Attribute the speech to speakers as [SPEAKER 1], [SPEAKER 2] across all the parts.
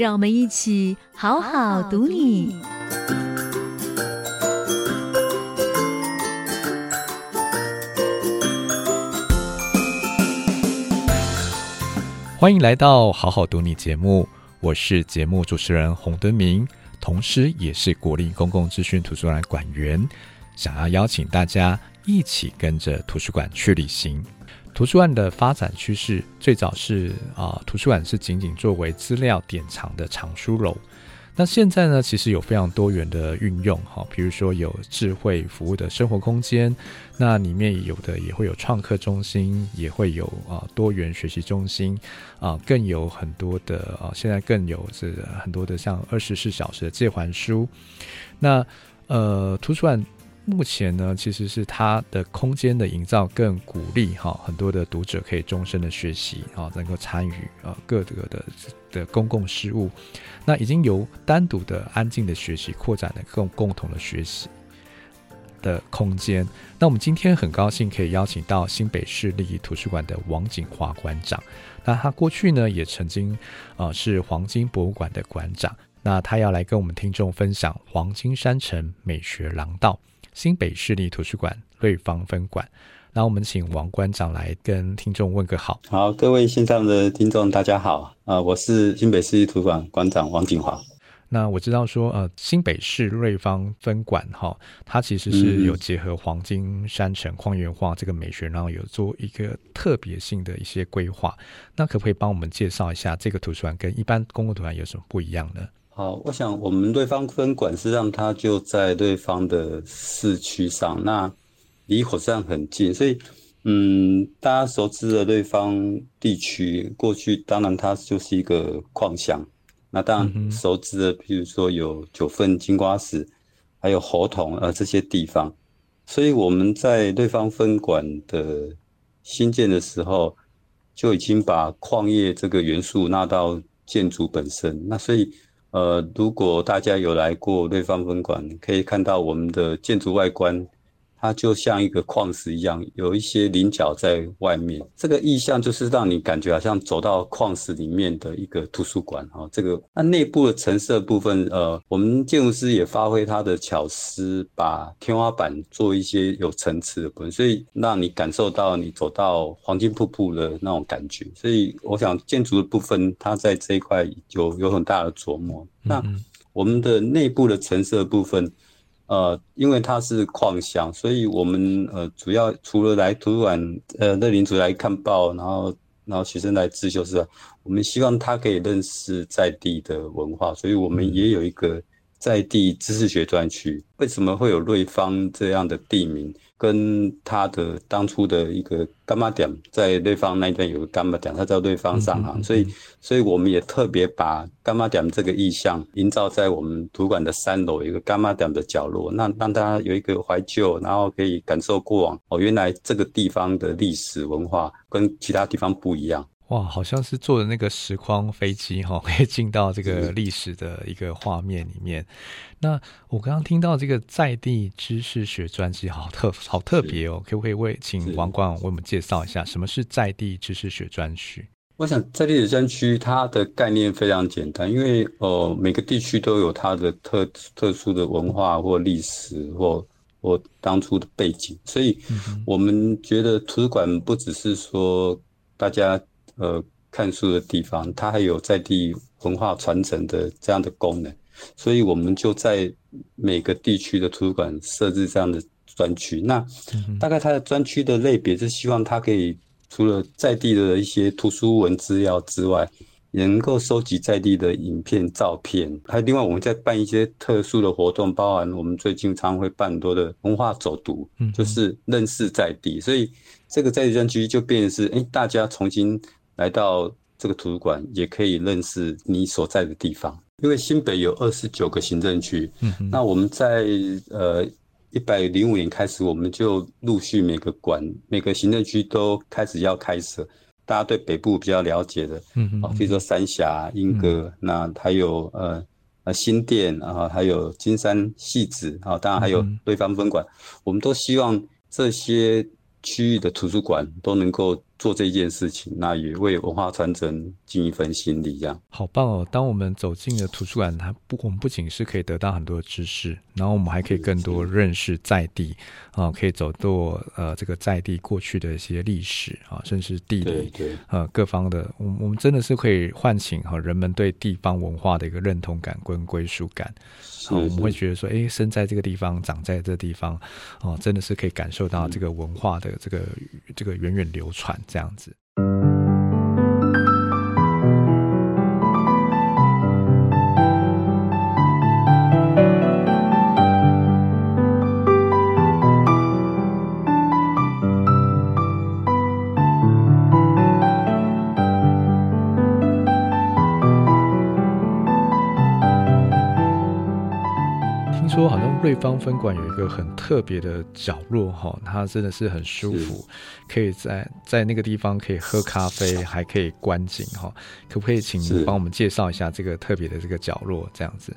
[SPEAKER 1] 讓我們一起好好讀你。歡迎來到《好好讀你》節目，我是節目主持人洪敦明，同時也是國立公共資訊圖書館館員，想要邀請大家一起跟着圖書館去旅行。圖書館的發展趨勢，最早是啊，圖書館是僅僅作為資料典藏的藏書樓。那現在呢，其實有非常多元的運用，哈、哦，比如說有智慧服務的生活空間，那裡面有的也會有創客中心，也會有啊多元學習中心啊，更有很多的啊，現在更有這個、很多的像二十四小時的借還書。那呃，圖書館。目前呢，其實是它的空間的營造更鼓勵哈、哦，很多的讀者可以終身的學習啊、哦，能夠參與啊、哦、各個的的,的公共事務。那已經由單獨的安靜的學習，擴展了更共,共同的學習的空間。那我們今天很高興可以邀請到新北市立圖書館的王錦華館長。那他過去呢也曾經啊、呃、是黃金博物館的館長。那他要來跟我們聽眾分享《黃金山城美學廊道》。新北市立圖書館瑞芳分館，那我們請王館長來跟聽眾問個好。
[SPEAKER 2] 好，各位線上的聽眾，大家好，啊、呃，我是新北市立圖書館館長王錦華。
[SPEAKER 1] 那我知道說，呃，新北市瑞芳分館哈，它其實是有結合黃金山城礦源化這個美學，然後有做一個特別性的一些規劃。那可不可以幫我們介紹一下這個圖書館跟一般公共圖書館有什麼不一樣呢？
[SPEAKER 2] 好，我想我們瑞芳分館是讓它就在瑞芳的市區上，那離火車站很近，所以嗯，大家熟知的瑞芳地區，過去當然它就是一個礦鄉，那當然熟知的，譬如說有九份金瓜石、嗯、哼還有猴硐啊這些地方，所以我們在瑞芳分館的新建的時候，就已經把礦業這個元素納到建築本身，那所以。呃，如果大家有來過瑞芳分館，可以看到我們的建築外觀。它就像一個礦石一樣，有一些稜角在外面。這個意象就是讓你感覺好像走到礦石裡面的一個圖書館哈，這個那內部的成色部分，呃，我們建築師也發揮他的巧思，把天花板做一些有層次的部分，所以讓你感受到你走到黃金瀑布的那種感覺。所以我想建築的部分，它在這一塊有有很大的琢磨。嗯嗯、那我們的內部的成色部分。呃，因為他是礦鄉，所以我們呃主要除了來圖書館，呃，那鄰主來看報，然後然後學生來自修，就是吧？我們希望他可以認識在地的文化，所以我們也有一個在地知識學專區。嗯。為什麼會有瑞芳這樣的地名？跟他的當初的一個柑仔店，iam, 在瑞芳那邊有一個柑仔店，它叫瑞芳商行，所以，所以我們也特別把柑仔店這個意象營造在我們圖書館的三樓一個柑仔店的角落，那讓大家有一個懷舊，然後可以感受過往哦，原來這個地方的歷史文化跟其他地方
[SPEAKER 1] 不一樣。哇，好像是坐的那個時光飛機哈、喔，可以進到這個歷史的一個畫面裡面。是那我剛剛聽到這個在地知識學專區，好特好特別哦，是可不可以為請王館為我們介紹一下，什麼是在地知識學專區？
[SPEAKER 2] 我想，在地專區它的概念非常簡單，因為呃，每個地區都有它的特特殊的文化或歷史或我、嗯、當初的背景，所以我們覺得圖書館不只是說大家。呃，看書的地方，它還有在地文化傳承的這樣的功能，所以我們就在每個地區的圖書館設置這樣的專區。那大概它的專區的類別是希望它可以除了在地的一些圖書、文資料之外，也能夠收集在地的影片、照片，還有另外我們在辦一些特殊的活動，包含我們最近常會辦多的文化走讀，就是認識在地，所以這個在地專區就變成是，哎、欸，大家重新來到這個圖書館，也可以認識你所在的地方。因為新北有二十九個行政區，嗯哼，那我們在呃一百零五年開始，我們就陸續每個館、每個行政區都開始要開設。大家對北部比較了解的，嗯嗯哼，比、哦、如說三峽、鶯歌，嗯、哼那還有呃呃新店啊、呃，還有金山、汐止啊，當然還有瑞芳分館，嗯、哼我們都希望這些區域的圖書館都能夠。做這件事情、啊，那也為文化傳承盡一份心力一樣。
[SPEAKER 1] 好棒哦！當我們走進了圖書館，它不，我們不僅是可以得到很多知識，然後我們還可以更多認識在地啊、呃，可以走多呃這個在地過去的一些歷史啊、呃，甚至是地理，對對呃，各方的，我們我們真的是可以喚醒哈、呃、人們對地方文化的一個認同感跟歸屬感。啊、呃，我們會覺得說，誒、欸，生在這個地方，長在這個地方，啊、呃，真的是可以感受到這個文化的這個、嗯、這個源遠流傳。這樣子。說好像瑞芳分館有一個很特別的角落哈，它真的是很舒服，是可以在在那個地方可以喝咖啡，是還可以觀景哈。可不可以請你幫我們介紹一下這個特別的這個角落這樣子？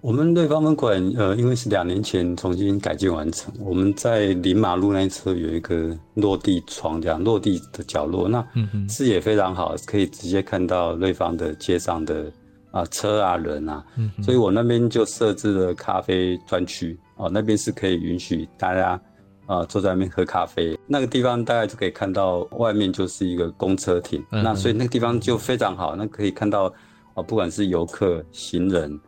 [SPEAKER 2] 我們瑞芳分館呃，因為是兩年前重新改建完成，我們在臨馬路那一側有一個落地窗這樣落地的角落，那視野非常好，可以直接看到瑞芳的街上的。啊，車啊，人啊，嗯嗯，所以我那邊就設置了咖啡專區哦，那邊是可以允許大家啊坐在那邊喝咖啡。那個地方大家就可以看到外面就是一個公車亭。嗯嗯，那所以那個地方就非常好，那可以看到。不管是遊客、行人，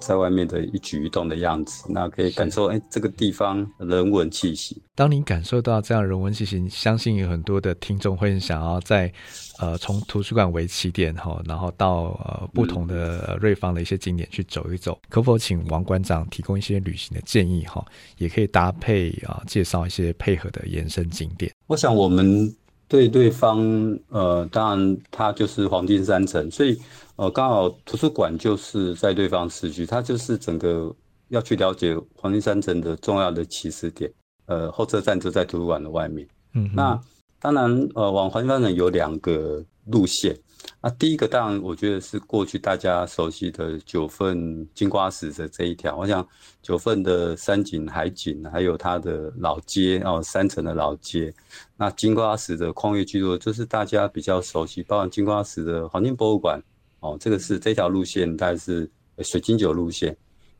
[SPEAKER 2] 在外面的一舉一動的樣子，那可以感受哎是、欸，這個地方人文氣息。
[SPEAKER 1] 當您感受到這樣人文氣息，相信有很多的聽眾會想要在呃從圖書館為起點哈，然後到呃不同的瑞芳的一些景點去走一走。嗯、可否請王館長提供一些旅行的建議哈？也可以搭配啊、呃，介紹一些配合的延伸景點。
[SPEAKER 2] 我想我們對對方呃，當然他就是黃金山城，所以。哦，剛好圖書館就是在瑞芳市區，它就是整個要去了解黃金山城的重要的起始點。呃，後車站就在圖書館的外面。嗯哼，那當然，呃，往黃金山城有兩個路線那、啊、第一個當然，我覺得是過去大家熟悉的九份金瓜石的這一條。我想九份的山景、海景，還有它的老街哦，山城的老街。那金瓜石的礦業聚落，就是大家比較熟悉，包含金瓜石的黃金博物館。哦，這個是這條路線，大概是水金九路線。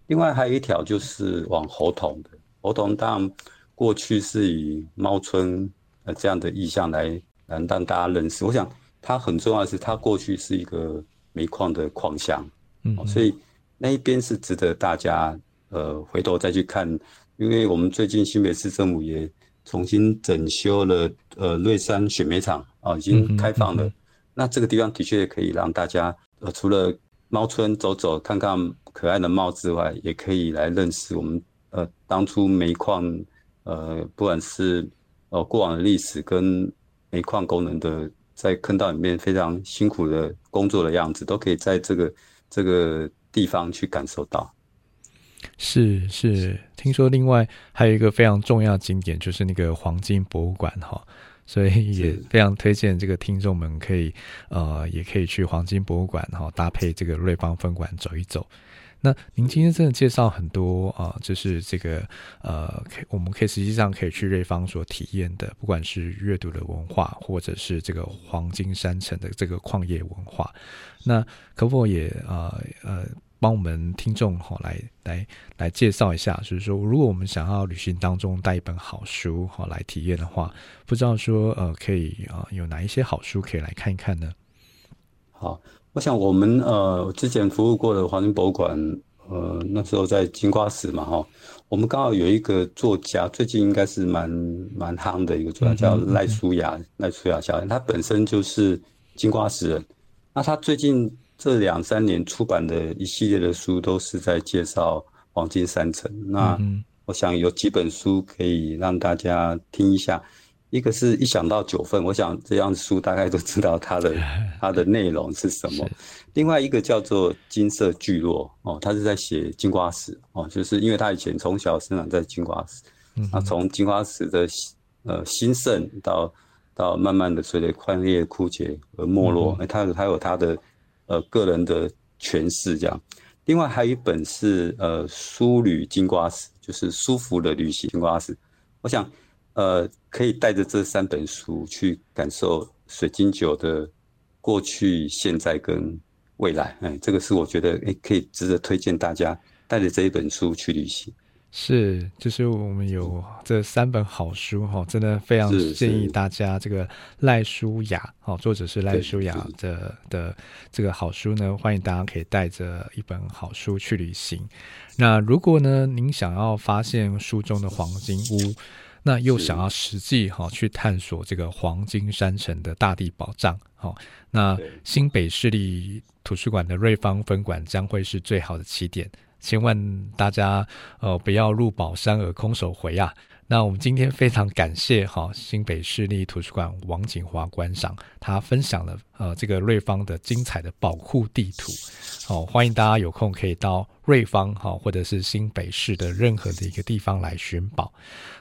[SPEAKER 2] 另外還有一條就是往猴硐的猴硐，當然過去是以貓村呃這樣的意象來來讓大家認識。我想它很重要的是，它過去是一個煤礦的礦鄉，嗯，所以那一邊是值得大家呃回頭再去看。因為我們最近新北市政府也重新整修了呃瑞山選煤廠啊，已經開放了。那這個地方的確可以讓大家。呃，除了貓村走走看看可愛的貓之外，也可以來認識我們呃當初煤礦，呃，不管是呃過往的歷史跟煤礦工人的在坑道裡面非常辛苦的工作的樣子，都可以在這個這個地方去感受到。
[SPEAKER 1] 是是，聽說另外還有一個非常重要的景點，就是那個黃金博物館哈。所以也非常推薦這個聽眾們可以，的呃，也可以去黃金博物館哈，然後搭配這個瑞芳分館走一走。那您今天真的介紹很多啊，呃，就是這個呃可以，我們可以實際上可以去瑞芳所體驗的，不管是閱讀的文化，或者是這個黃金山城的這個礦業文化，那可否也呃呃，呃幫我們聽眾哈來來來，來介紹一下，就是說如果我們想要旅行當中帶一本好書哈來體驗的話，不知道說呃可以啊、呃、有哪一些好書可以來看一看呢？
[SPEAKER 2] 好，我想我們呃之前服務過的黃金博物館，呃那時候在金瓜石嘛哈、哦，我們剛好有一個作家，最近應該是蠻蠻夯的一個作家、嗯、叫賴舒雅，賴舒雅小姐，他本身就是金瓜石人，那他最近。這兩三年出版的一系列的書都是在介紹黃金山城，那我想有幾本書可以讓大家聽一下，嗯、哼一個是一想到九份，我想這樣書大概都知道它的它的內容是什麼。是另外一個叫做《金色聚落》哦，他是在寫金瓜石哦，就是因為他以前從小生長在金瓜石，那、嗯哼啊、從金瓜石的呃興盛到到慢慢的隨着礦業枯竭而沒落，那他、嗯哼欸、有他有他的。呃，個人的詮釋這樣，另外還有一本是呃《書旅金瓜石》，就是舒服的旅行金瓜石。我想，呃，可以帶着這三本書去感受水金九的過去、現在跟未來。嗯、欸，這個是我覺得哎、欸，可以值得推薦大家帶着這一本書去旅行。
[SPEAKER 1] 是，就是我們有這三本好書哈，真的非常建議大家。這個賴舒雅，哈，作者是賴舒雅的的這個好書呢，歡迎大家可以帶着一本好書去旅行。那如果呢，您想要發現書中的黃金屋，那又想要實際哈去探索這個黃金山城的大地寶藏，好，那新北市立圖書館的瑞芳分館將會是最好的起點。千萬大家呃不要入寶山而空手回啊！那我們今天非常感謝哈、哦、新北市立圖書館王錦華館長，他分享了呃這個瑞芳的精彩的寶庫地圖。好、哦，歡迎大家有空可以到瑞芳哈、哦、或者是新北市的任何的一個地方來尋寶。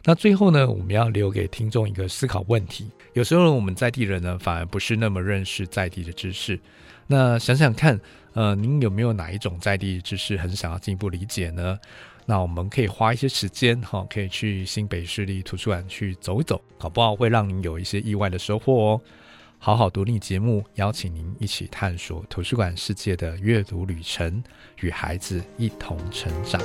[SPEAKER 1] 那最後呢，我們要留給聽眾一個思考問題：有時候我們在地人呢，反而不是那麼認識在地的知識。那想想看，呃，您有沒有哪一種在地知識很想要進一步理解呢？那我們可以花一些時間，哈、哦，可以去新北市立圖書館去走一走，搞不好會讓您有一些意外的收穫哦。好好讀你節目，邀請您一起探索圖書館世界的閱讀旅程，與孩子一同成長。